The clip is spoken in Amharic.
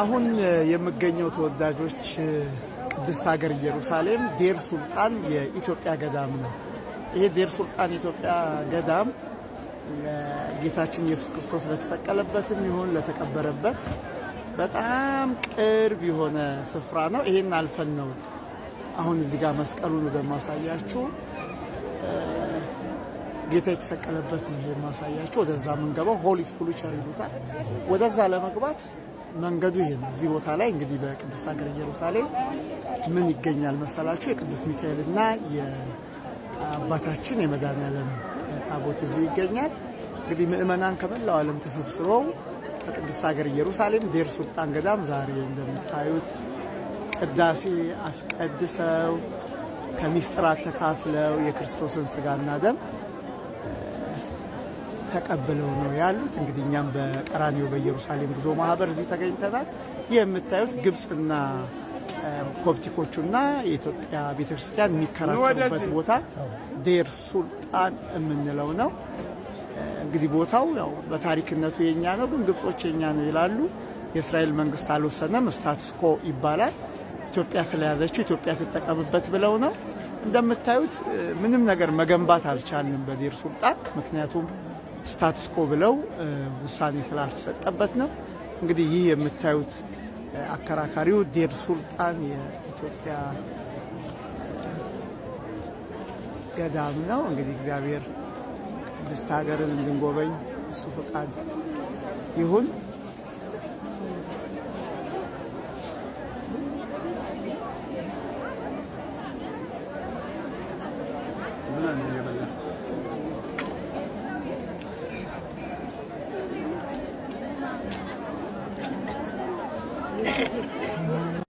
አሁን የምገኘው ተወዳጆች ቅድስት ሀገር ኢየሩሳሌም ዴር ሱልጣን የኢትዮጵያ ገዳም ነው። ይሄ ዴር ሱልጣን የኢትዮጵያ ገዳም ጌታችን ኢየሱስ ክርስቶስ ለተሰቀለበትም ይሁን ለተቀበረበት በጣም ቅርብ የሆነ ስፍራ ነው። ይሄን አልፈን ነው አሁን እዚህ ጋር መስቀሉን ወደማሳያችሁ ጌታ የተሰቀለበት ነው ማሳያችሁ። ወደዛ የምንገባው ሆሊ ይሉታል። ወደዛ ለመግባት መንገዱ ይሄ ነው። እዚህ ቦታ ላይ እንግዲህ በቅድስት ሀገር ኢየሩሳሌም ምን ይገኛል መሰላችሁ? የቅዱስ ሚካኤልና የአባታችን የመድኃኔዓለም ታቦት እዚህ ይገኛል። እንግዲህ ምእመናን ከመላው ዓለም ተሰብስበው በቅድስት ሀገር ኢየሩሳሌም ዴር ሱልጣን ገዳም ዛሬ እንደምታዩት ቅዳሴ አስቀድሰው ከሚስጥራት ተካፍለው የክርስቶስን ስጋና ደም ተቀብለው ነው ያሉት። እንግዲህ እኛም በቀራኒዮ በኢየሩሳሌም ጉዞ ማህበር እዚህ ተገኝተናል። ይህ የምታዩት ግብፅና ኮፕቲኮቹና የኢትዮጵያ ቤተክርስቲያን የሚከራከሩበት ቦታ ዴር ሱልጣን የምንለው ነው። እንግዲህ ቦታው ያው በታሪክነቱ የኛ ነው፣ ግን ግብጾች የኛ ነው ይላሉ። የእስራኤል መንግስት አልወሰነም፣ ስታትስኮ ይባላል። ኢትዮጵያ ስለያዘችው ኢትዮጵያ ትጠቀምበት ብለው ነው። እንደምታዩት ምንም ነገር መገንባት አልቻልንም በዴር ሱልጣን ምክንያቱም ስታትስኮ ብለው ውሳኔ ስላልተሰጠበት ነው። እንግዲህ ይህ የምታዩት አከራካሪው ዴር ሱልጣን የኢትዮጵያ ገዳም ነው። እንግዲህ እግዚአብሔር ቅድስት ሀገርን እንድንጎበኝ እሱ ፈቃድ ይሁን። ハハハハ